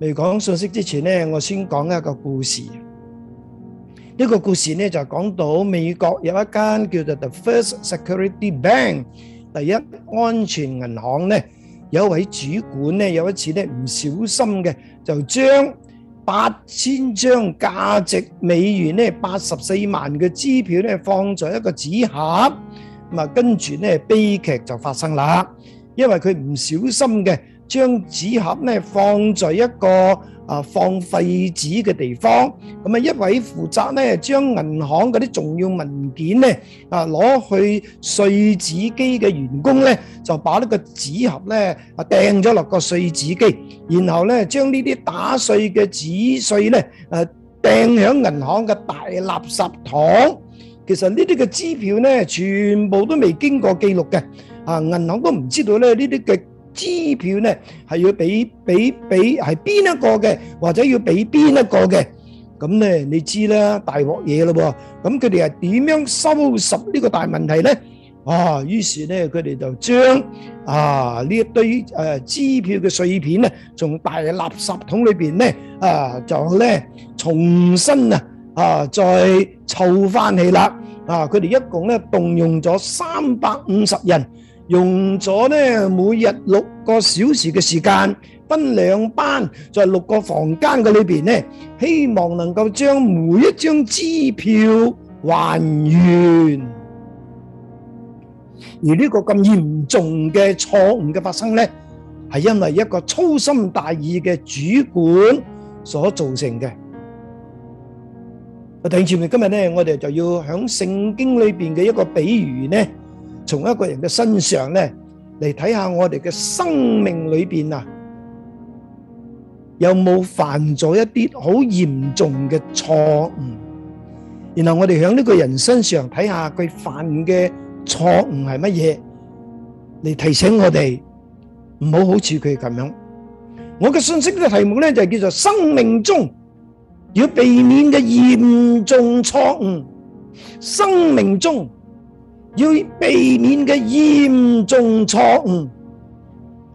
未講信息之前呢，我先講一個故事。呢、呢個故事呢，就講到美國有一間叫做 The First Security Bank，第一安全銀行呢有一位主管呢，有一次呢唔小心嘅，就將八千張價值美元呢八十四萬嘅支票呢放在一個紙盒，咁啊跟住呢悲劇就發生啦，因為佢唔小心嘅。將紙盒呢放在一個啊放廢紙嘅地方，咁啊一位負責呢將銀行嗰啲重要文件呢啊攞去碎紙機嘅員工呢，就把呢個紙盒呢啊掟咗落個碎紙機，然後呢將呢啲打碎嘅紙碎呢誒掟喺銀行嘅大垃圾桶。其實呢啲嘅支票呢，全部都未經過記錄嘅，啊銀行都唔知道呢呢啲嘅。支票呢係要俾俾俾係邊一個嘅，或者要俾邊一個嘅，咁呢，你知啦，大鑊嘢咯噃。咁佢哋係點樣收拾呢個大問題呢？啊，於是呢，佢哋就將啊呢一堆誒、啊、支票嘅碎片呢，從大垃圾桶裏邊呢，啊就呢重新啊啊再湊翻起啦。啊，佢哋、啊、一共呢，動用咗三百五十人。用咗咧每日六個小時嘅時間，分兩班，在六個房間嘅裏邊咧，希望能夠將每一張支票還原。而呢個咁嚴重嘅錯誤嘅發生咧，係因為一個粗心大意嘅主管所造成嘅。啊，弟兄姊妹，今日咧我哋就要響聖經裏邊嘅一個比喻咧。從一個人嘅身上咧，嚟睇下我哋嘅生命裏邊啊，有冇犯咗一啲好嚴重嘅錯誤？然後我哋喺呢個人身上睇下佢犯嘅錯誤係乜嘢，嚟提醒我哋唔好好似佢咁樣。我嘅信息嘅題目咧就係叫做生命中要避免嘅嚴重錯誤，生命中。要避免嘅嚴重錯誤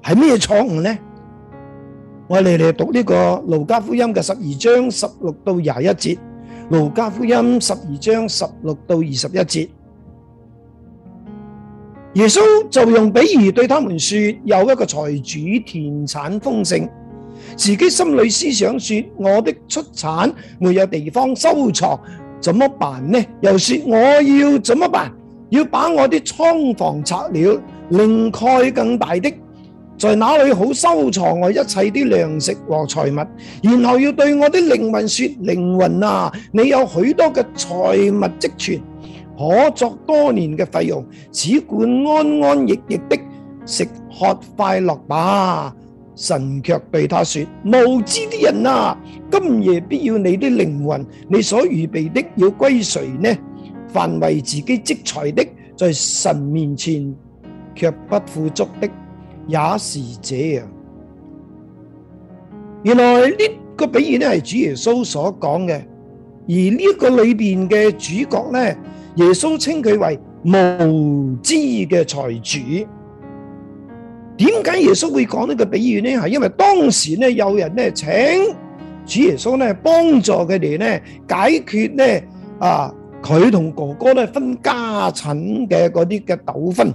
係咩錯誤呢？我哋嚟讀呢個路加福音嘅十二章十六到廿一節，路加福音十二章十六到二十一節，耶穌就用比喻對他們說：有一個財主田產豐盛，自己心裏思想說：我的出產沒有地方收藏，怎麼辦呢？又說，我要怎麼辦？要把我啲倉房拆了，另蓋更大的，在哪裏好收藏我一切啲糧食和財物？然後要對我啲靈魂說：靈魂啊，你有許多嘅財物積存，可作多年嘅費用，只管安安逸逸的食喝快樂吧。神卻對他說：無知啲人啊，今夜必要你的靈魂，你所預備的要歸誰呢？凡為自己積財的，在神面前卻不富足的，也是這樣。原來呢個比喻呢係主耶穌所講嘅，而呢個裏邊嘅主角呢，耶穌稱佢為無知嘅財主。點解耶穌會講呢個比喻呢？係因為當時呢有人呢請主耶穌呢幫助佢哋呢解決呢啊。佢同哥哥咧分家產嘅嗰啲嘅糾紛，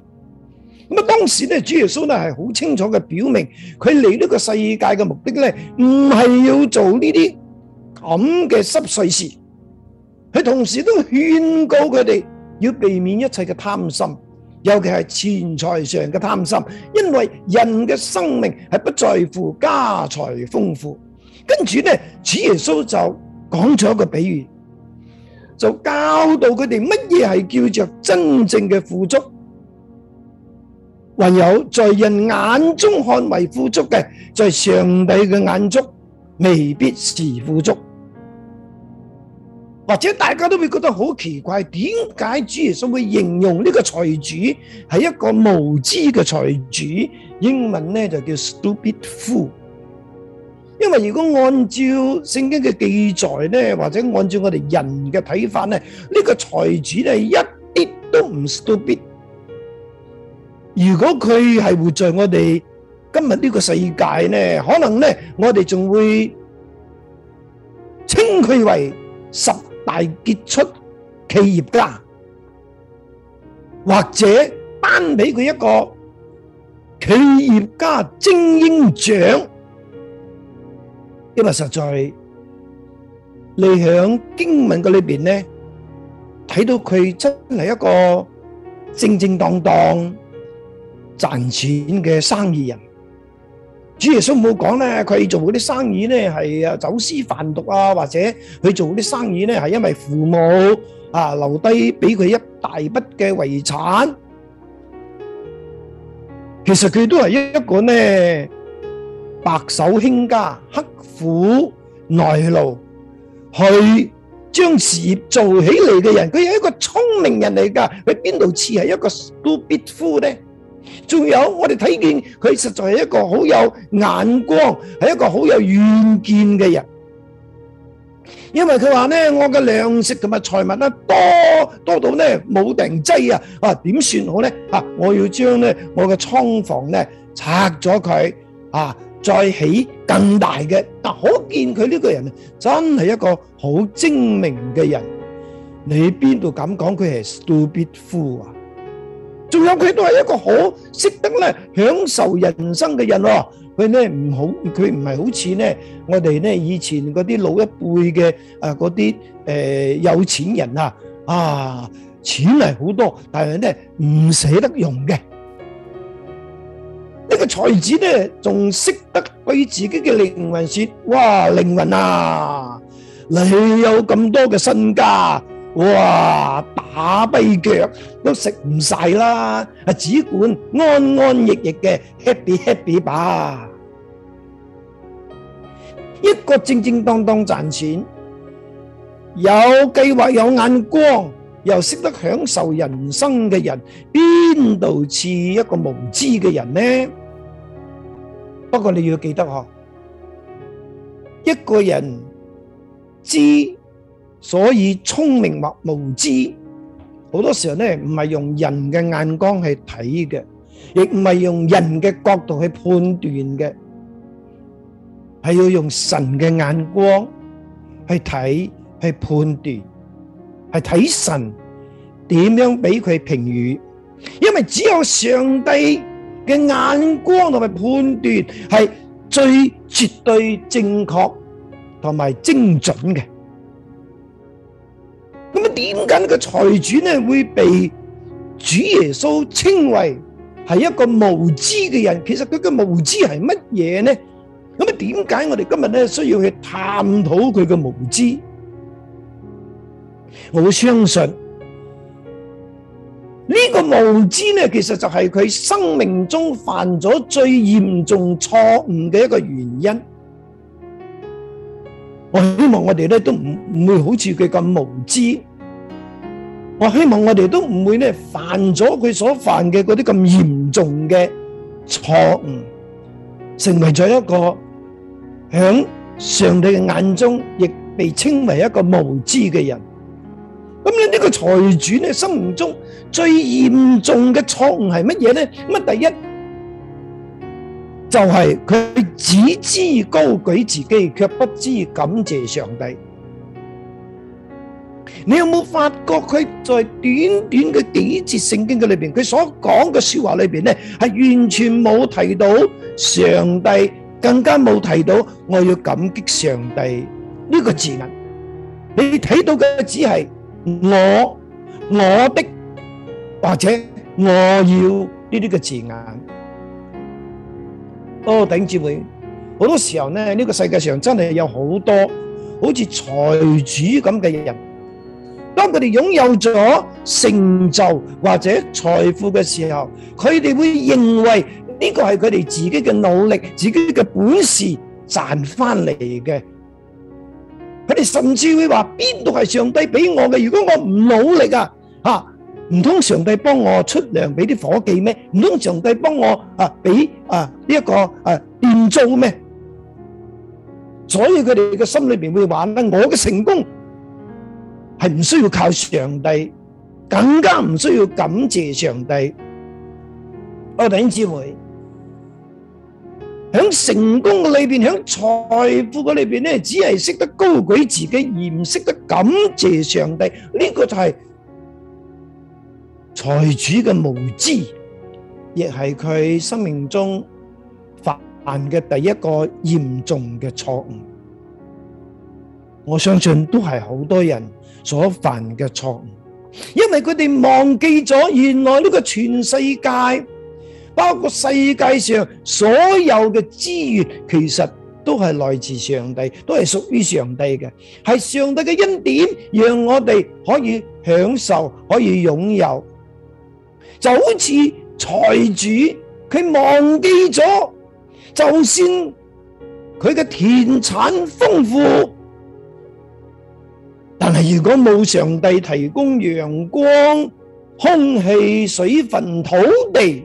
咁啊當時咧，主耶穌咧係好清楚嘅表明，佢嚟呢個世界嘅目的咧，唔係要做呢啲咁嘅濕碎事。佢同時都勸告佢哋要避免一切嘅貪心，尤其係錢財上嘅貪心，因為人嘅生命係不在乎家財豐富。跟住咧，主耶穌就講咗一個比喻。就教導佢哋乜嘢係叫做真正嘅富足，還有在人眼中看為富足嘅，在、就是、上帝嘅眼中未必是富足。或者大家都會覺得好奇怪，點解主耶穌會形容呢個財主係一個無知嘅財主？英文呢就叫 stupid fool。因為如果按照聖經嘅記載咧，或者按照我哋人嘅睇法咧，呢個財主咧一啲都唔 stupid。如果佢係活在我哋今日呢個世界咧，可能咧我哋仲會稱佢為十大傑出企業家，或者頒俾佢一個企業家精英獎。因為實在，你響經文嘅裏邊咧，睇到佢真係一個正正當當賺錢嘅生意人。主耶穌冇講咧，佢做嗰啲生意咧係啊走私販毒啊，或者佢做啲生意咧係因為父母啊留低俾佢一大筆嘅遺產。其實佢都係一一個咧，白手興家、刻苦耐勞，去將事業做起嚟嘅人，佢係一個聰明人嚟噶。佢邊度似係一個都必夫呢？仲有我哋睇見佢實在係一個好有眼光，係一個好有遠見嘅人。因為佢話呢，我嘅糧食同埋財物呢，多多到呢冇定劑啊！啊，點算好呢？啊，我要將呢我嘅倉房呢拆咗佢啊！再起更大嘅，但可見佢呢個人真係一個好精明嘅人。你邊度敢講佢係 stupid fool 啊？仲有佢都係一個好識得咧享受人生嘅人喎。佢咧唔好，佢唔係好似咧我哋咧以前嗰啲老一輩嘅啊嗰啲誒有錢人啊，啊錢係好多，但係咧唔捨得用嘅。呢個才子呢，仲識得俾自己嘅靈魂說：哇，靈魂啊，你有咁多嘅身家，哇，打跛腳都食唔晒啦，啊，只管安安逸逸嘅 happy happy 吧。一個正正當當賺錢，有計劃有眼光。又識得享受人生嘅人，邊度似一個無知嘅人呢？不過你要記得嗬，一個人之所以聰明或無知，好多時候呢，唔係用人嘅眼光去睇嘅，亦唔係用人嘅角度去判斷嘅，係要用神嘅眼光去睇去判斷，係睇神。點樣俾佢評語？因為只有上帝嘅眼光同埋判斷係最絕對正確同埋精準嘅。咁啊，點解個財主呢會被主耶穌稱為係一個無知嘅人？其實佢嘅無知係乜嘢呢？咁啊，點解我哋今日呢需要去探討佢嘅無知？我相信。呢個無知咧，其實就係佢生命中犯咗最嚴重錯誤嘅一個原因。我希望我哋咧都唔唔會好似佢咁無知。我希望我哋都唔會咧犯咗佢所犯嘅嗰啲咁嚴重嘅錯誤，成為咗一個響上帝嘅眼中亦被稱為一個無知嘅人。咁、這個、呢，呢個財主咧，心目中最嚴重嘅錯誤係乜嘢咧？咁第一就係、是、佢只知高舉自己，却不知感謝上帝。你有冇發覺佢在短短嘅幾節聖經嘅裏邊，佢所講嘅說話裏邊咧，係完全冇提到上帝，更加冇提到我要感激上帝呢個字眼。你睇到嘅只係。我、我的或者我要呢啲嘅字眼，哦頂住會好多時候咧，呢個世界上真係有好多好似財主咁嘅人，當佢哋擁有咗成就或者財富嘅時候，佢哋會認為呢個係佢哋自己嘅努力、自己嘅本事賺翻嚟嘅。佢哋甚至會話，邊度係上帝俾我嘅？如果我唔努力啊，吓唔通上帝幫我出糧俾啲伙計咩？唔通上帝幫我啊俾啊呢一個啊店租咩？所以佢哋嘅心裏邊會話咧，我嘅成功係唔需要靠上帝，更加唔需要感謝上帝。我哋兄姊妹。響成功嘅裏邊，響財富嘅裏邊咧，只係識得高舉自己，而唔識得感謝上帝。呢個就係財主嘅無知，亦係佢生命中犯嘅第一個嚴重嘅錯誤。我相信都係好多人所犯嘅錯誤，因為佢哋忘記咗原來呢個全世界。包括世界上所有嘅資源，其實都係來自上帝，都係屬於上帝嘅，係上帝嘅恩典，讓我哋可以享受，可以擁有。就好似財主，佢忘記咗，就算佢嘅田產豐富，但係如果冇上帝提供陽光、空氣、水分、土地。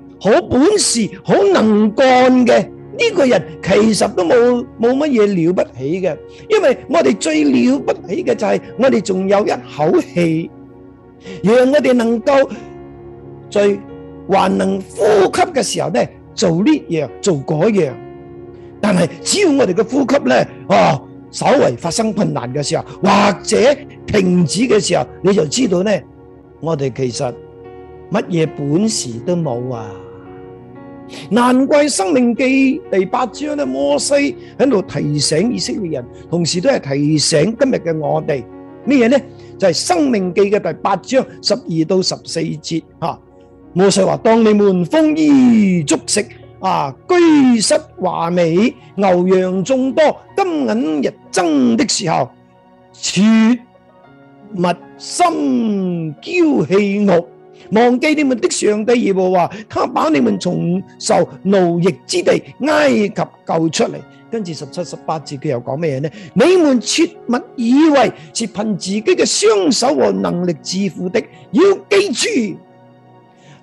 好本事、好能幹嘅呢個人，其實都冇冇乜嘢了不起嘅，因為我哋最了不起嘅就係我哋仲有一口氣，讓我哋能夠最，還能呼吸嘅時候咧，做呢樣，做嗰樣。但係只要我哋嘅呼吸咧，哦，稍為發生困難嘅時候，或者停止嘅時候，你就知道咧，我哋其實乜嘢本事都冇啊！難怪《申命記》第八章咧，摩西喺度提醒以色列人，同時都係提醒今日嘅我哋咩嘢呢？就係《申命記》嘅第八章十二到十四節吓，摩西話：當你們豐衣足食，啊，居室華美，牛羊眾多，金銀日增的時候，切勿心驕氣傲。忘記你們的上帝耶和華，他把你們從受奴役之地埃及救出嚟。跟住十七、十八節，佢又講咩嘢呢？你們切勿以為是憑自己嘅雙手和能力致富的，要記住，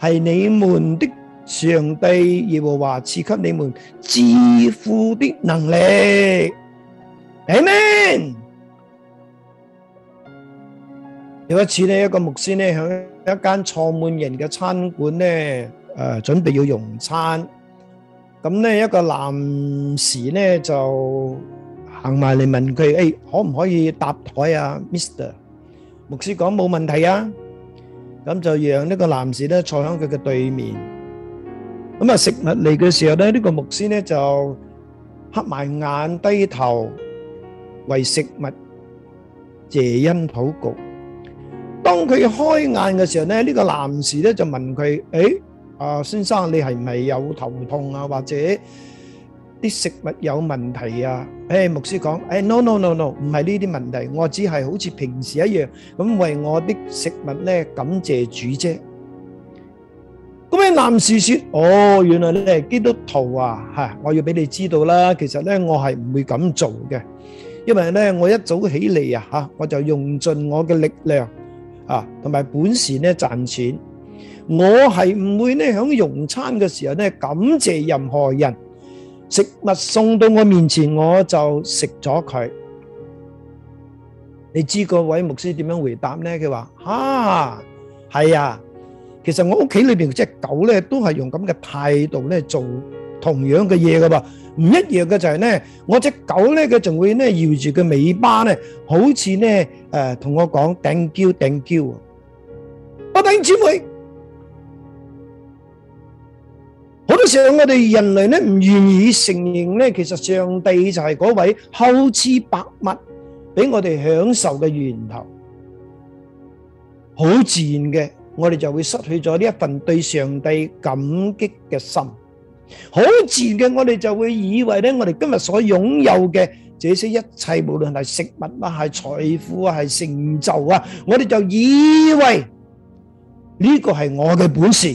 係你們的上帝耶和華賜給你們致富的能力，係咪？有一次呢，一個牧師呢響。一間坐滿人嘅餐館咧，誒，準備要用餐，咁咧一個男士咧就行埋嚟，問佢：，誒，可唔可以搭台啊，Mister？牧師講冇問題啊，咁就讓呢個男士咧坐響佢嘅對面。咁啊，食物嚟嘅時候咧，呢個牧師咧就黑埋眼低頭為食物謝恩禱告。當佢開眼嘅時候咧，呢個男士咧就問佢：，誒，啊，先生，你係唔係有頭痛啊？或者啲食物有問題啊？誒，牧師講：，誒，no no no no，唔係呢啲問題，我只係好似平時一樣咁為我啲食物咧感謝主啫。咁位男士說：，哦，原來你係基督徒啊，吓，我要俾你知道啦。其實咧，我係唔會咁做嘅，因為咧，我一早起嚟啊，吓，我就用盡我嘅力量。啊，同埋本事咧，賺錢，我係唔會呢響用餐嘅時候咧，感謝任何人，食物送到我面前我就食咗佢。你知個位牧師點樣回答呢？佢話：哈、啊，係啊，其實我屋企裏邊隻狗呢都係用咁嘅態度呢做同樣嘅嘢噶噃，唔一樣嘅就係咧，我隻狗咧，佢仲會咧搖住佢尾巴咧，好似咧，誒同我講頂嬌頂嬌啊！阿餅姊妹，好多時候我哋人類咧唔願意承認咧，其實上帝就係嗰位厚賜百物俾我哋享受嘅源頭，好自然嘅，我哋就會失去咗呢一份對上帝感激嘅心。好自然嘅，我哋就會以為咧，我哋今日所擁有嘅，這些一切，無論係食物啊、係財富啊、係成就啊，我哋就以為呢個係我嘅本事。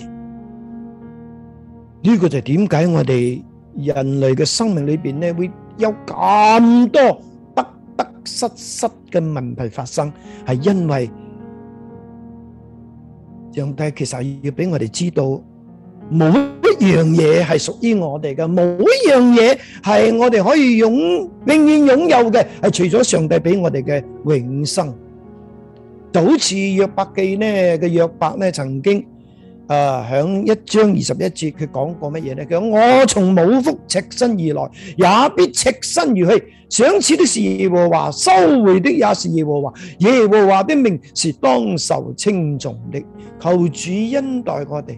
呢個就係點解我哋人類嘅生命裏邊呢，會有咁多得得失失嘅問題發生，係因為上帝其實要俾我哋知道冇。一樣嘢係屬於我哋嘅，冇一樣嘢係我哋可以擁永遠擁有嘅，係除咗上帝俾我哋嘅永生。就好似約伯記呢嘅約伯呢，曾經誒響、呃、一章二十一節，佢講過乜嘢呢？佢講 我從母腹赤身而來，也必赤身而去。賞賜的是耶和華，收回的也是耶和華，耶和華的命是當受稱頌的。求主恩待我哋。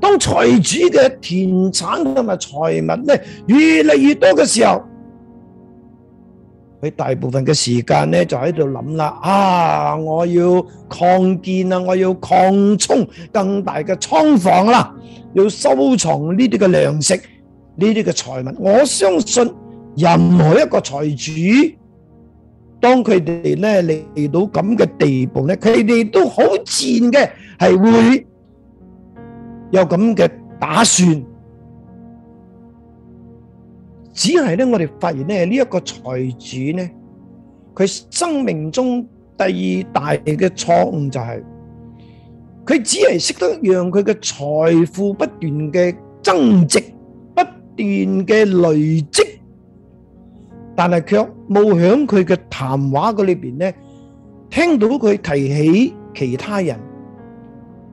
當財主嘅田產同埋財物咧越嚟越多嘅時候，佢大部分嘅時間咧就喺度諗啦，啊，我要擴建啊，我要擴充更大嘅倉房啦，要收藏呢啲嘅糧食，呢啲嘅財物。我相信任何一個財主，當佢哋咧嚟到咁嘅地步咧，佢哋都好賤嘅，係會。有咁嘅打算，只係咧，我哋發現咧，呢一個財主咧，佢生命中第二大嘅錯誤就係，佢只係識得讓佢嘅財富不斷嘅增值，不斷嘅累積，但係卻冇響佢嘅談話嘅裏邊咧，聽到佢提起其他人，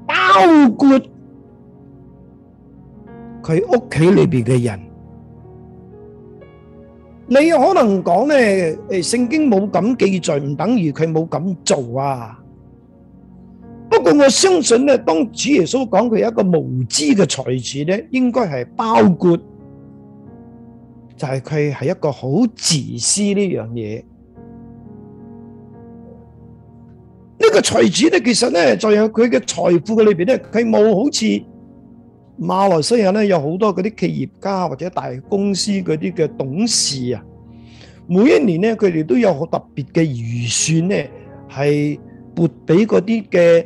包括。佢屋企裏邊嘅人，你可能講咧，誒，聖經冇咁記載，唔等於佢冇咁做啊。不過我相信咧，當主耶穌講佢一個無知嘅財主咧，應該係包括，就係佢係一個好自私呢樣嘢。呢、這個財主咧，其實咧，在佢嘅財富嘅裏邊咧，佢冇好似。馬來西亞咧，有好多嗰啲企業家或者大公司嗰啲嘅董事啊，每一年咧，佢哋都有好特別嘅預算咧，係撥俾嗰啲嘅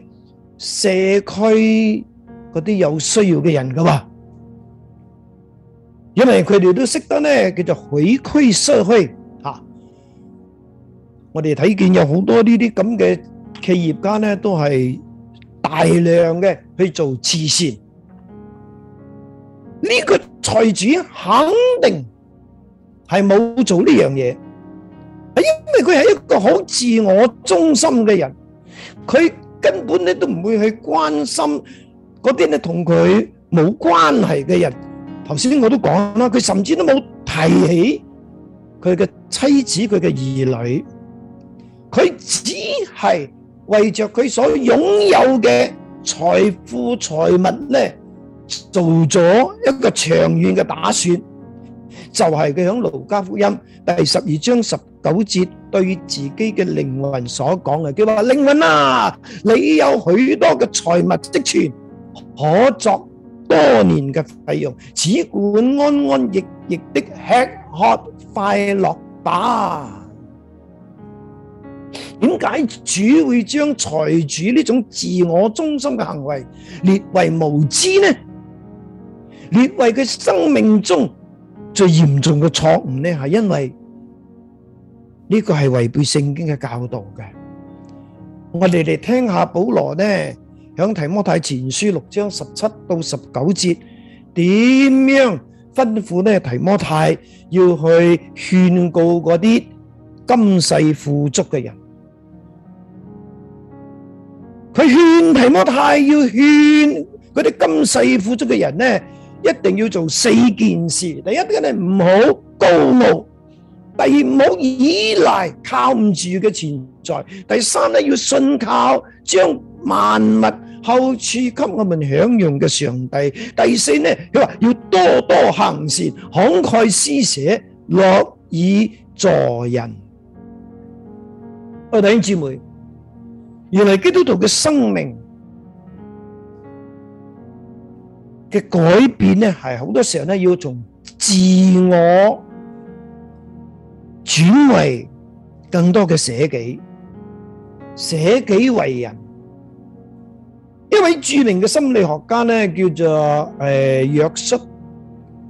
社區嗰啲有需要嘅人嘅喎，因為佢哋都識得咧，叫做回饋社會嚇。我哋睇見有好多呢啲咁嘅企業家咧，都係大量嘅去做慈善。呢、這個財主肯定係冇做呢樣嘢，因為佢係一個好自我中心嘅人，佢根本咧都唔會去關心嗰啲咧同佢冇關係嘅人。頭先我都講啦，佢甚至都冇提起佢嘅妻子、佢嘅兒女，佢只係為着佢所擁有嘅財富財物咧。做咗一個長遠嘅打算，就係佢響《路加福音》第十二章十九節對自己嘅靈魂所講嘅。佢話：「靈魂啊，你有許多嘅財物積存，可作多年嘅費用，只管安安逸逸的吃喝快樂吧。」點解主會將財主呢種自我中心嘅行為列為無知呢？列位佢生命中最嚴重嘅錯誤呢，係因為呢個係違背聖經嘅教導嘅。我哋嚟聽下保羅呢，響提摩太前書六章十七到十九節，點樣吩咐呢，提摩太要去勸告嗰啲今世富足嘅人？佢勸提摩太要勸嗰啲今世富足嘅人呢。一定要做四件事：第一，一定唔好高傲；第二，唔好依賴靠唔住嘅存在；第三，呢要信靠將萬物厚賜給我們享用嘅上帝；第四，呢佢話要多多行善，慷慨施捨，樂以助人。我、哦、弟兄姊妹，原來基督徒嘅生命。嘅改變咧，係好多時候咧，要從自我轉為更多嘅捨己，捨己為人。一位著名嘅心理學家咧，叫做誒約瑟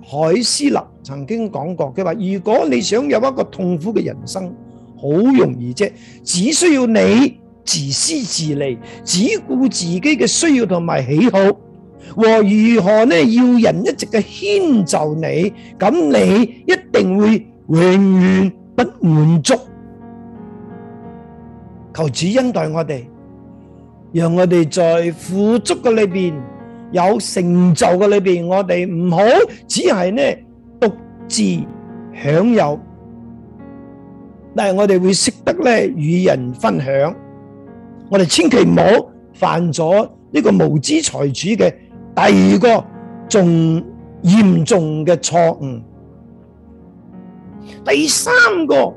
海斯勒，曾經講過，佢話：如果你想有一個痛苦嘅人生，好容易啫，只需要你自私自利，只顧自己嘅需要同埋喜好。和如何呢？要人一直嘅遷就你，咁你一定會永遠不滿足。求主恩待我哋，讓我哋在富足嘅裏邊，有成就嘅裏邊，我哋唔好只係呢獨自享有，但係我哋會識得呢與人分享。我哋千祈唔好犯咗呢個無知財主嘅第二個仲嚴重嘅錯誤，第三個呢、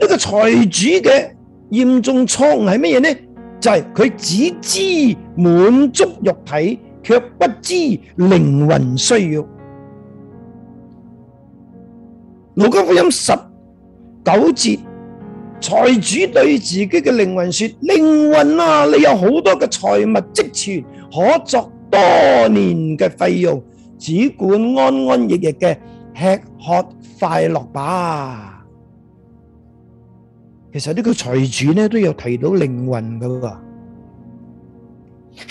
這個財主嘅嚴重錯誤係乜嘢呢？就係、是、佢只知滿足肉體，卻不知靈魂需要。《路加福音》十九節，財主對自己嘅靈魂說：靈魂啊，你有好多嘅財物積存，可作……多年嘅費用，只管安安逸逸嘅吃喝快樂吧。其實呢個財主呢都有提到靈魂㗎喎。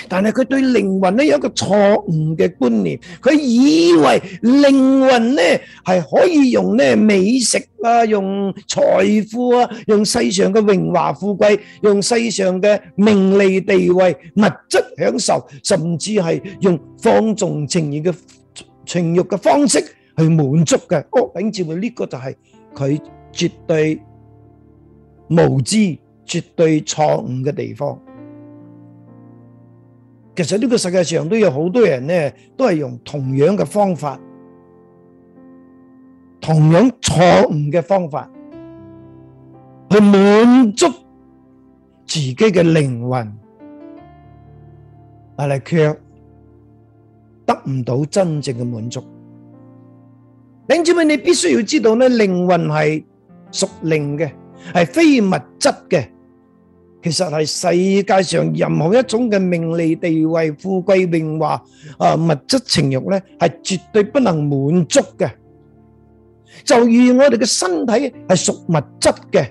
但係佢對靈魂呢有一個錯誤嘅觀念，佢以為靈魂呢係可以用呢美食啊，用財富啊，用世上嘅榮華富貴，用世上嘅名利地位、物質享受，甚至係用放縱情慾嘅情慾嘅方式去滿足嘅惡景象嘅呢個就係佢絕對無知、絕對錯誤嘅地方。其實呢個世界上都有好多人咧，都係用同樣嘅方法，同樣錯誤嘅方法去滿足自己嘅靈魂，但係卻得唔到真正嘅滿足。你知唔知？你必須要知道咧，靈魂係屬靈嘅，係非物質嘅。其實係世界上任何一種嘅名利地位、富貴榮華啊、物質情欲咧，係絕對不能滿足嘅。就如我哋嘅身體係屬物質嘅，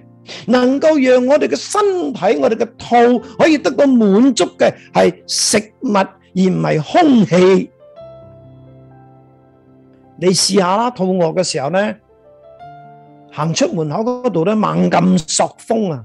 能夠讓我哋嘅身體我哋嘅肚可以得到滿足嘅係食物，而唔係空氣。你試下啦，肚餓嘅時候咧，行出門口嗰度咧，猛咁索風啊！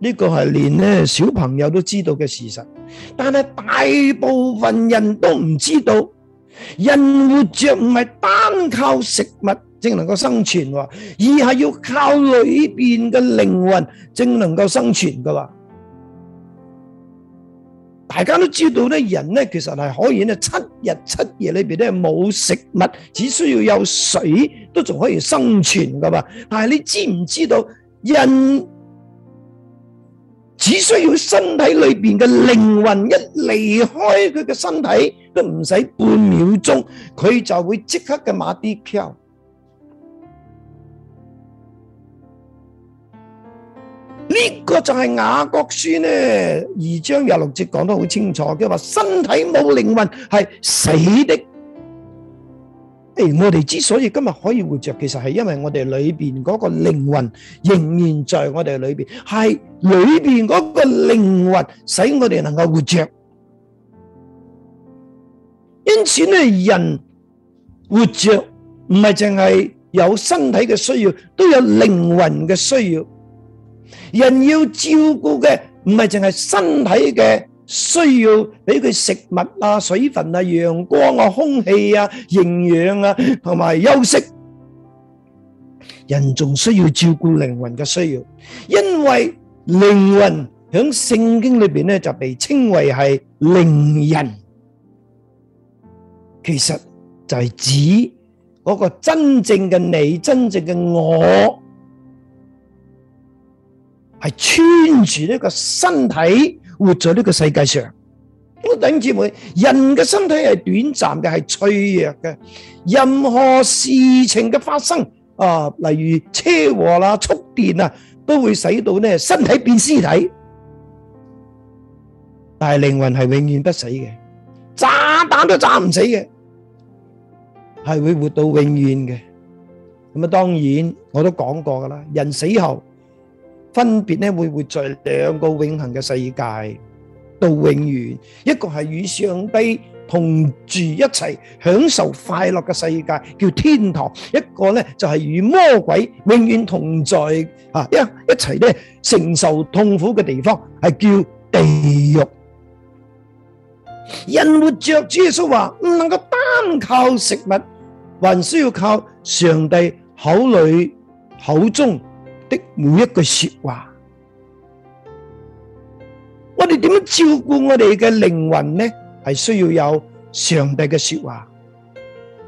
呢、這個係連咧小朋友都知道嘅事實，但係大部分人都唔知道，人活着唔係單靠食物正能夠生存喎，而係要靠裏邊嘅靈魂正能夠生存噶。大家都知道咧，人咧其實係可以咧七日七夜裏邊咧冇食物，只需要有水都仲可以生存噶嘛。但係你知唔知道人？只需要身體裏邊嘅靈魂一離開佢嘅身體，都唔使半秒鐘，佢就會即刻嘅 medical。呢個就係雅各書呢二章廿六節講得好清楚，佢話身體冇靈魂係死的。誒，我哋之所以今日可以活着，其實係因為我哋裏邊嗰個靈魂仍然在我哋裏邊，係裏邊嗰個靈魂使我哋能夠活着。因此咧，人活着唔係淨係有身體嘅需要，都有靈魂嘅需要。人要照顧嘅唔係淨係身體嘅。需要俾佢食物啊、水分啊、陽光啊、空氣啊、營養啊，同埋休息。人仲需要照顧靈魂嘅需要，因為靈魂喺聖經裏邊咧就被稱為係靈人，其實就係指嗰個真正嘅你、真正嘅我，係穿住一個身體。活在呢個世界上，我等姊妹，人嘅身體係短暫嘅，係脆弱嘅。任何事情嘅發生啊，例如車禍啦、觸電啊，都會使到呢身體變屍體。但係靈魂係永遠不死嘅，炸彈都炸唔死嘅，係會活到永遠嘅。咁啊，當然我都講過㗎喇，人死後。分別咧會活在兩個永恒嘅世界到永遠，一個係與上帝同住一齊享受快樂嘅世界，叫天堂；一個咧就係與魔鬼永遠同在啊一一齊咧承受痛苦嘅地方，係叫地獄。人活着，主耶穌話唔能夠單靠食物，還需要靠上帝口裏口中。的每一句說話，我哋點樣照顧我哋嘅靈魂呢？係需要有上帝嘅說話，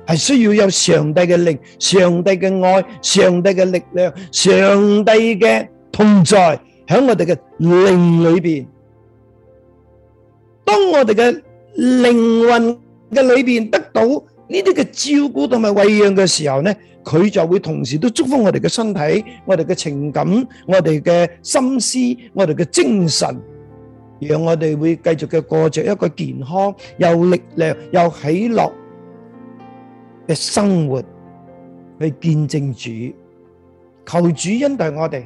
係需要有上帝嘅靈、上帝嘅愛、上帝嘅力量、上帝嘅同在響我哋嘅靈裏邊。當我哋嘅靈魂嘅裏邊得到呢啲嘅照顧同埋餵養嘅時候呢，佢就會同時都祝福我哋嘅身體、我哋嘅情感、我哋嘅心思、我哋嘅精神，讓我哋會繼續嘅過着一個健康又力量又喜樂嘅生活，去見證主，求主恩待我哋，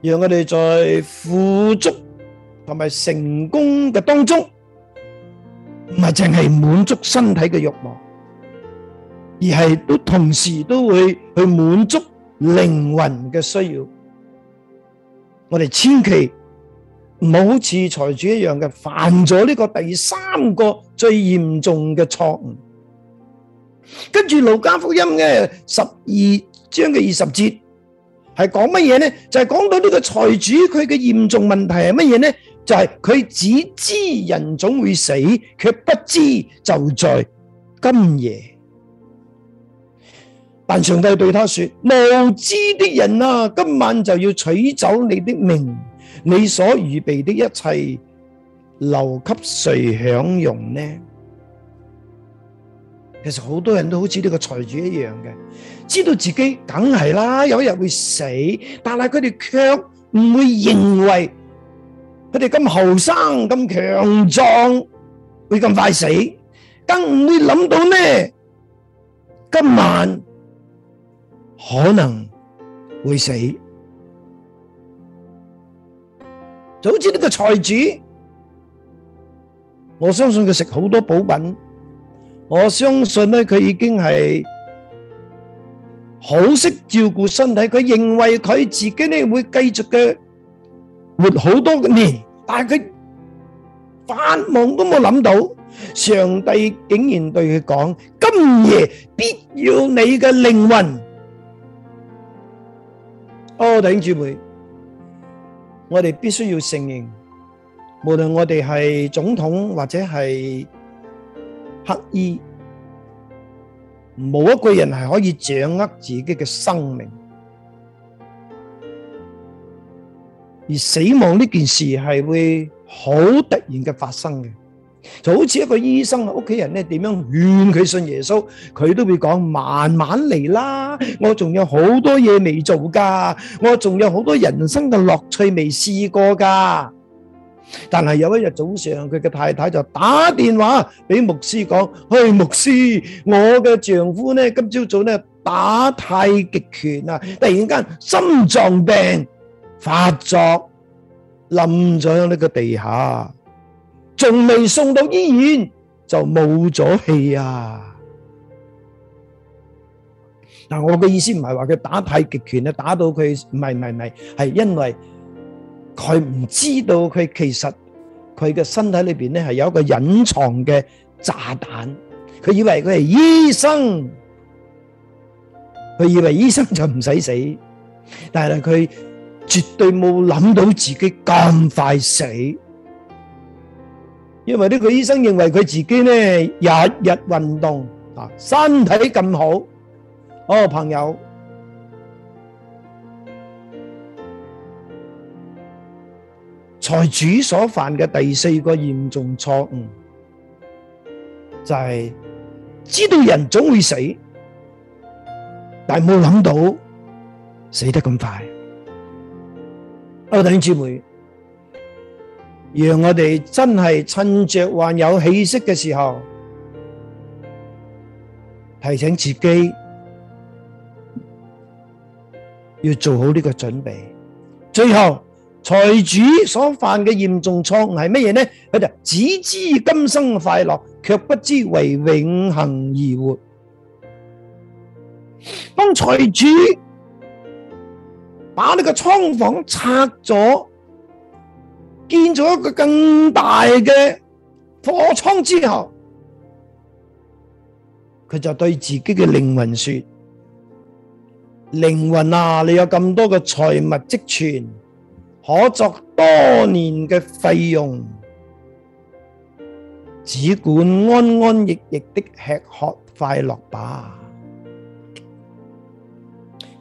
讓我哋在富足同埋成功嘅當中，唔係淨係滿足身體嘅慾望。而係都同時都會去滿足靈魂嘅需要，我哋千祈唔好似財主一樣嘅犯咗呢個第三個最嚴重嘅錯誤。跟住《路加福音》嘅十二章嘅二十節係講乜嘢呢？就係講到呢個財主佢嘅嚴重問題係乜嘢呢？就係佢只知人總會死，卻不知就在今夜。但上帝對他說：無知的人啊，今晚就要取走你的命，你所預備的一切，留給誰享用呢？其實好多人都好似呢個財主一樣嘅，知道自己梗係啦，有一日會死，但係佢哋卻唔會認為佢哋咁後生咁強壯，會咁快死，更唔會諗到呢今晚。可能會死。早知呢個財主，我相信佢食好多補品，我相信咧佢已經係好識照顧身體。佢認為佢自己咧會繼續嘅活好多嘅年，但係佢發夢都冇諗到，上帝竟然對佢講：今夜必要你嘅靈魂。哦，弟兄姊妹，我哋必須要承認，無論我哋係總統或者係乞兒，冇一個人係可以掌握自己嘅生命，而死亡呢件事係會好突然嘅發生嘅。就好似一個醫生，屋企人咧，點樣勸佢信耶穌，佢都會講，慢慢嚟啦。我仲有好多嘢未做噶，我仲有好多人生嘅樂趣未試過噶。但係有一日早上，佢嘅太太就打電話俾牧師講，喂，牧師，我嘅丈夫呢今朝早呢打太極拳啊，突然間心臟病發作，冧咗喺呢個地下。仲未送到醫院就冇咗氣啊！嗱，我嘅意思唔係話佢打太極拳啊，打到佢唔係唔係唔係，係因為佢唔知道佢其實佢嘅身體裏邊咧係有一個隱藏嘅炸彈，佢以為佢係醫生，佢以為醫生就唔使死，但係佢絕對冇諗到自己咁快死。因為呢個醫生認為佢自己咧日日運動啊，身體咁好。哦，朋友，財主所犯嘅第四個嚴重錯誤就係知道人總會死，但冇諗到死得咁快。我等姊妹。讓我哋真係趁着還有氣息嘅時候，提醒自己要做好呢個準備。最後財主所犯嘅嚴重錯誤係乜嘢呢？佢就只、是、知今生快樂，卻不知為永恒而活。當財主把呢個倉房拆咗。建咗一個更大嘅貨倉之後，佢就對自己嘅靈魂說：靈魂啊，你有咁多嘅財物積存，可作多年嘅費用，只管安安逸逸的吃喝快樂吧。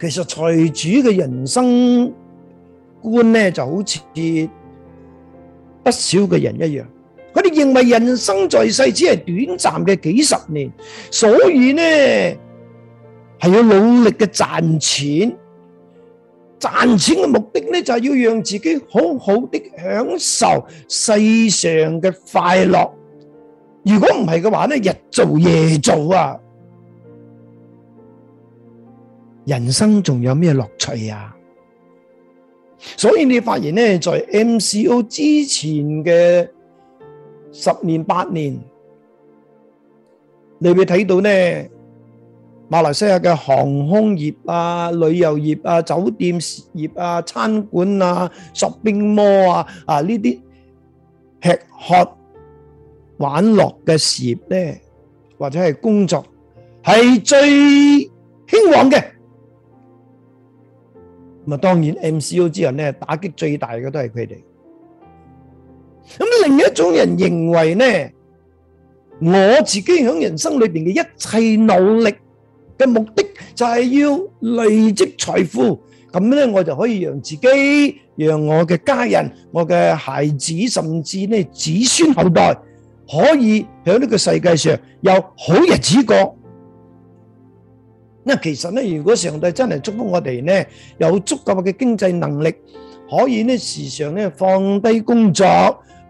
其實財主嘅人生觀呢就好似。不少嘅人一樣，佢哋認為人生在世只係短暫嘅幾十年，所以呢係要努力嘅賺錢。賺錢嘅目的呢就係要讓自己好好的享受世上嘅快樂。如果唔係嘅話呢，日做夜做啊，人生仲有咩樂趣啊？所以你發現咧，在 MCO 之前嘅十年八年，你會睇到咧，馬來西亞嘅航空業啊、旅遊業啊、酒店業啊、餐館啊、shopping mall 啊啊呢啲吃喝玩樂嘅事業咧，或者係工作是，係最興旺嘅。咁當然 MCO 之後咧，打擊最大嘅都係佢哋。咁另一種人認為咧，我自己響人生裏邊嘅一切努力嘅目的，就係要累積財富。咁咧，我就可以讓自己、讓我嘅家人、我嘅孩子，甚至咧子孫後代，可以響呢個世界上有好日子過。那其實咧，如果上帝真係祝福我哋咧，有足夠嘅經濟能力，可以咧時常咧放低工作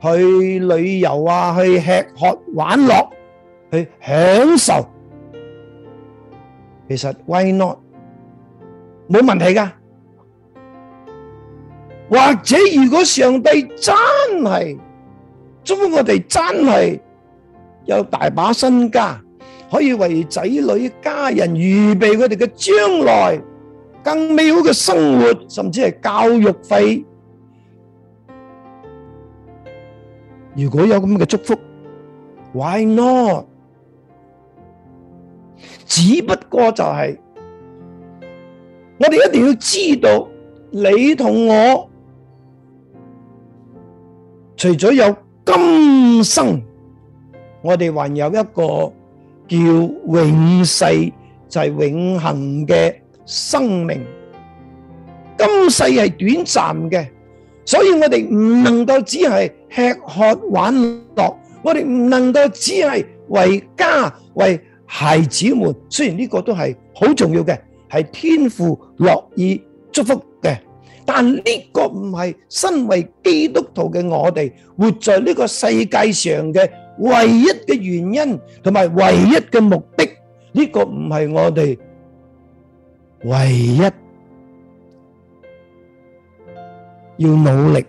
去旅遊啊，去吃喝玩樂，去享受，其實 why not？冇問題噶。或者如果上帝真係祝福我哋真係有大把身家。可以為仔女、家人預備佢哋嘅將來更美好嘅生活，甚至係教育費。如果有咁嘅祝福，Why not？只不過就係：我哋一定要知道，你同我除咗有今生，我哋還有一個。叫永世就係、是、永恆嘅生命，今世係短暫嘅，所以我哋唔能夠只係吃喝玩樂，我哋唔能夠只係為家為孩子們，雖然呢個都係好重要嘅，係天父樂意祝福嘅，但呢個唔係身為基督徒嘅我哋活在呢個世界上嘅。唯一嘅原因同埋唯一嘅目的，呢個唔係我哋唯一要努力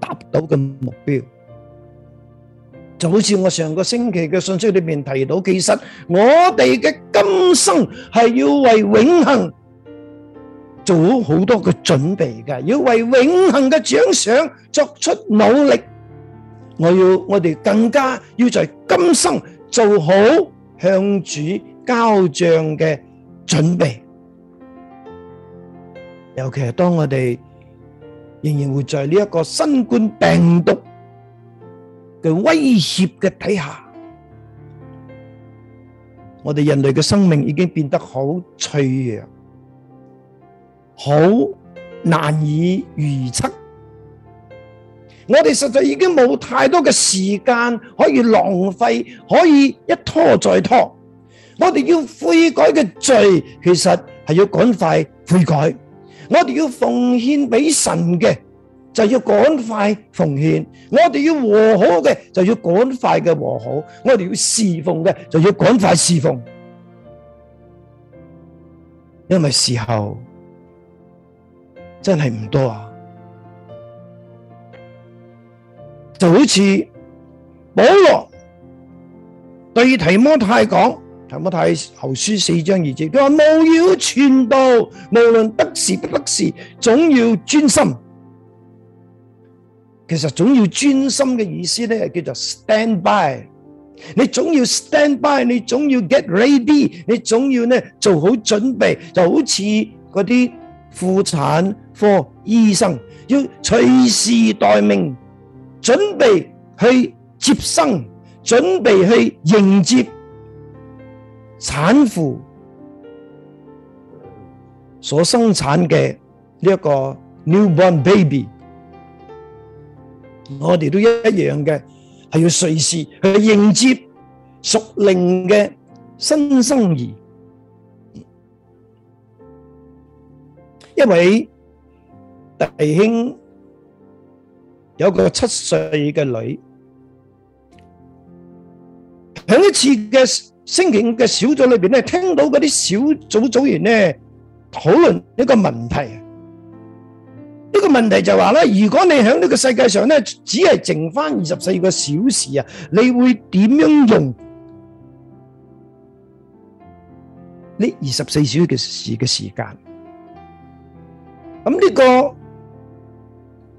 達到嘅目標。就好似我上個星期嘅信息裏邊提到，其實我哋嘅今生係要為永恒做好好多嘅準備噶，要為永恒嘅獎賞作出努力。我要我哋更加要在今生做好向主交賬嘅準備，尤其係當我哋仍然活在呢一個新冠病毒嘅威脅嘅底下，我哋人類嘅生命已經變得好脆弱，好難以預測。我哋實在已經冇太多嘅時間可以浪費，可以一拖再拖。我哋要悔改嘅罪，其實係要趕快悔改；我哋要奉獻俾神嘅，就要趕快奉獻；我哋要和好嘅，就要趕快嘅和好；我哋要侍奉嘅，就要趕快侍奉。因為時候真係唔多啊！就好似保羅對提摩太講，提摩太後書四章二節，佢話，務要傳道，無論得時不得時，總要專心。其實總要專心嘅意思咧，係叫做 stand by。你總要 stand by，你總要 get ready，你總要呢做好準備。就好似嗰啲婦產科醫生要隨時待命。準備去接生，準備去迎接產婦所生產嘅呢一個 newborn baby，我哋都一樣嘅，係要隨時去迎接屬靈嘅新生兒，一位弟兄。有個七歲嘅女，喺一次嘅星期五嘅小組裏邊咧，聽到嗰啲小組組員咧討論一個問題。呢個問題就話咧，如果你喺呢個世界上咧，只係剩翻二十四個小時啊，你會點樣用呢二十四小時嘅時嘅時間？咁呢個。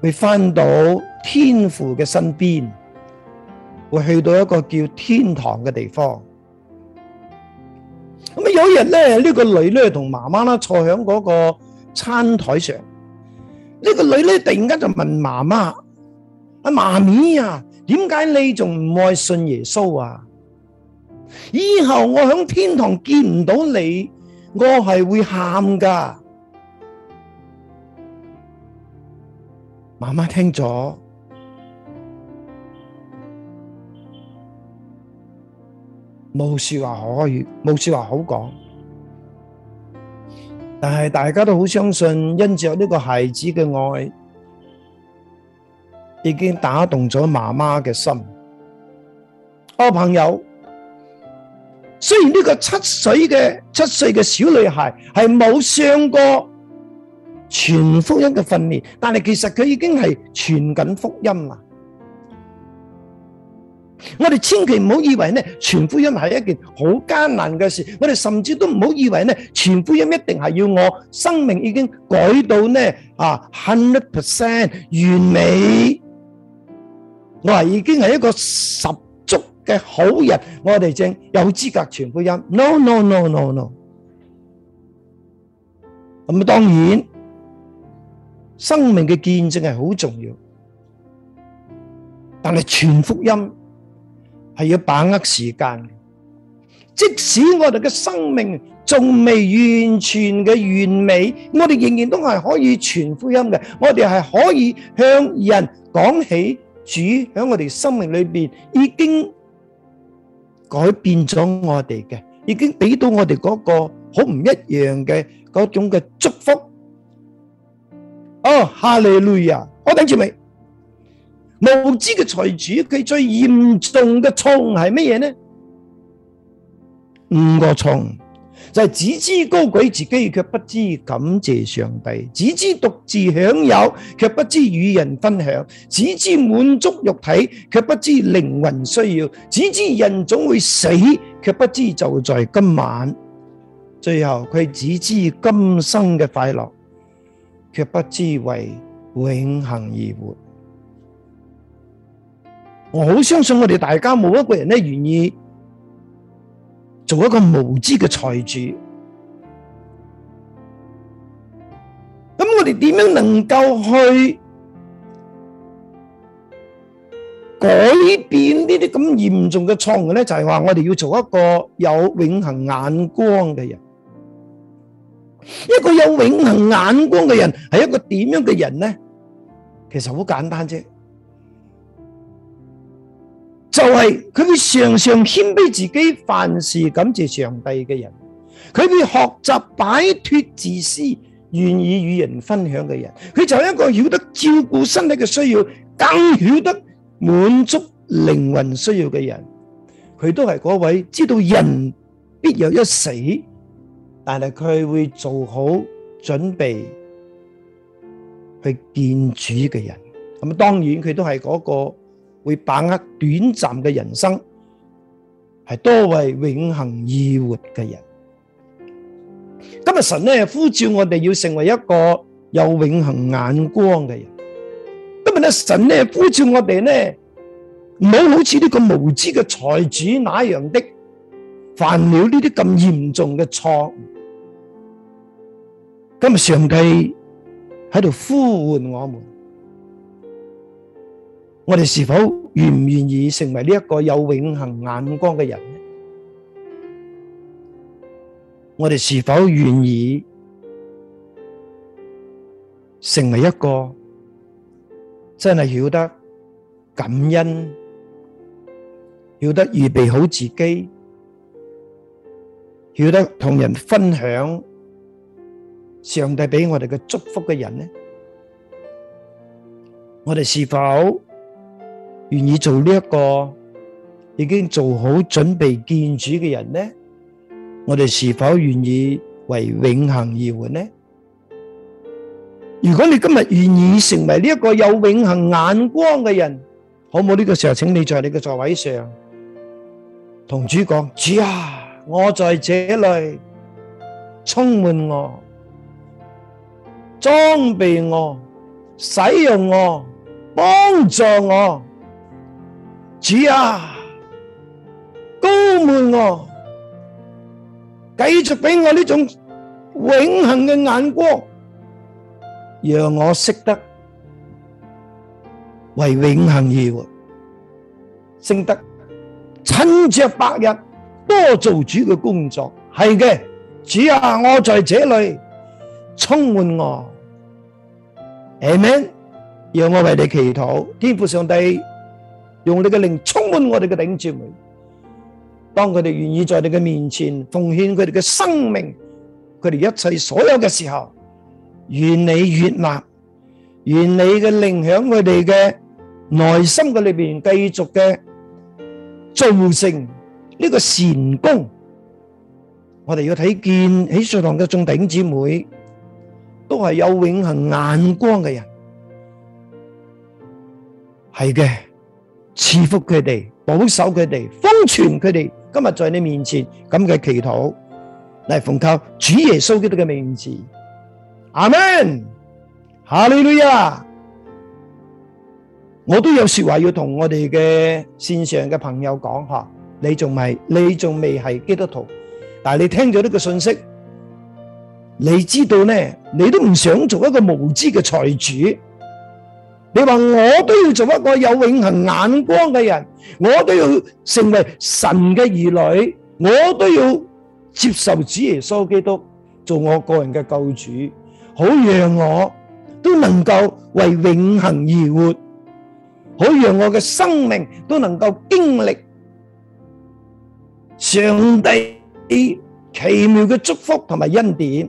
會翻到天父嘅身邊，會去到一個叫天堂嘅地方。咁啊，有一日咧，呢個女咧同媽媽啦坐喺嗰個餐台上，呢個女咧突然間就問媽媽：阿媽咪啊，點解你仲唔愛信耶穌啊？以後我喺天堂見唔到你，我係會喊噶。媽媽聽咗冇說話可以，冇說話好講，但係大家都好相信，因着呢個孩子嘅愛，已經打動咗媽媽嘅心。阿朋友，雖然呢個七歲嘅七歲嘅小女孩係冇上過。傳福音嘅訓練，但係其實佢已經係傳緊福音啦。我哋千祈唔好以為呢傳福音係一件好艱難嘅事，我哋甚至都唔好以為呢傳福音一定係要我生命已經改到呢啊，hundred percent 完美，我係已經係一個十足嘅好人，我哋正有資格傳福音。No no no no no，咁啊，當然。生命嘅見證係好重要，但係傳福音係要把握時間。即使我哋嘅生命仲未完全嘅完美，我哋仍然都係可以傳福音嘅。我哋係可以向人講起主喺我哋生命裏邊已經改變咗我哋嘅，已經俾到我哋嗰個好唔一樣嘅嗰種嘅祝福。哦，哈利路亞，我頂住未？無知嘅財主，佢最嚴重嘅錯誤係乜嘢呢？五個錯誤就係、是、只知高舉自己，卻不知感謝上帝；只知獨自享有，卻不知與人分享；只知滿足肉體，卻不知靈魂需要；只知人總會死，卻不知就在今晚。最後，佢只知今生嘅快樂。卻不知為永恒而活。我好相信我哋大家冇一個人咧，願意做一個無知嘅財主。咁我哋點樣能夠去改變呢啲咁嚴重嘅錯誤咧？就係話我哋要做一個有永恒眼光嘅人。一個有永恒眼光嘅人係一個點樣嘅人呢？其實好簡單啫，就係佢會常常謙卑自己，凡事感謝上帝嘅人。佢會學習擺脫自私，願意與人分享嘅人。佢就係一個曉得照顧身體嘅需要，更曉得滿足靈魂需要嘅人。佢都係嗰位知道人必有一死。但係佢會做好準備去見主嘅人，咁當然佢都係嗰個會把握短暫嘅人生，係多為永恆而活嘅人。今日神呢呼召我哋要成為一個有永恆眼光嘅人。今日呢神呢呼召我哋呢，唔好好似呢個無知嘅財主那樣的，犯了呢啲咁嚴重嘅錯誤。今日上帝喺度呼喚我們，我哋是否願唔願意成為呢一個有永恒眼光嘅人呢？我哋是否願意成為一個真係曉得感恩、曉得預備好自己、曉得同人分享？上帝俾我哋嘅祝福嘅人呢？我哋是否願意做呢一個已經做好準備見主嘅人呢？我哋是否願意為永恆而活呢？如果你今日願意成為呢一個有永恆眼光嘅人，好冇？呢個時候，請你在你嘅座位上同主講：主啊，我在這裏，充滿我。裝備我，使用我，幫助我，主啊，高門我，繼續俾我呢種永恒嘅眼光，讓我識得為永恒而活，識得趁着白日多做主嘅工作。係嘅，主啊，我在這裏充滿我。阿門！讓我為你祈禱，天父上帝，用你嘅靈充滿我哋嘅頂姐妹。當佢哋願意在你嘅面前奉獻佢哋嘅生命，佢哋一切所有嘅時候，願你悅納，願你嘅靈響佢哋嘅內心嘅裏邊繼續嘅造成呢個善功。我哋要睇見喺教堂嘅眾頂姊妹，都係有永恆眼光嘅人，係嘅賜福佢哋，保守佢哋，豐全佢哋。今日在你面前咁嘅祈禱，嚟，奉靠主耶穌基督嘅名字，阿門。哈利路亞，我都有說話要同我哋嘅綫上嘅朋友講吓，你仲未，你仲未係基督徒，但係你聽咗呢個信息。你知道呢？你都唔想做一個無知嘅財主。你話我都要做一個有永恒眼光嘅人，我都要成為神嘅兒女，我都要接受主耶穌基督做我個人嘅救主，好讓我都能夠為永恒而活，好讓我嘅生命都能夠經歷上帝奇妙嘅祝福同埋恩典。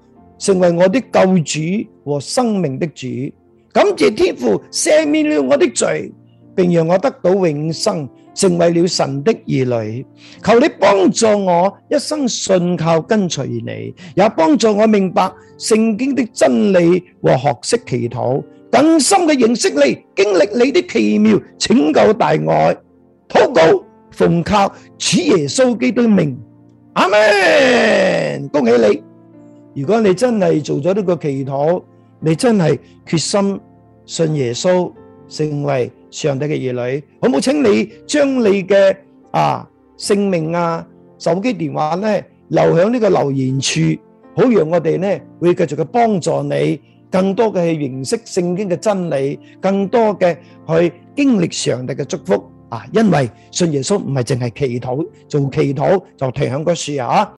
成為我的救主和生命的主，感謝天父赦免了我的罪，並讓我得到永生，成為了神的兒女。求你幫助我一生信靠跟隨你，也幫助我明白聖經的真理和學識祈禱，更深嘅認識你，經歷你的奇妙拯救大愛。禱告，奉靠主耶穌基督名，阿門。恭喜你。如果你真係做咗呢個祈禱，你真係決心信耶穌，成為上帝嘅兒女，好唔好？請你將你嘅啊姓名啊、手機電話咧留響呢個留言處，好讓我哋咧會繼續去幫助你，更多嘅去認識聖經嘅真理，更多嘅去經歷上帝嘅祝福啊！因為信耶穌唔係淨係祈禱，做祈禱就停響個度啊！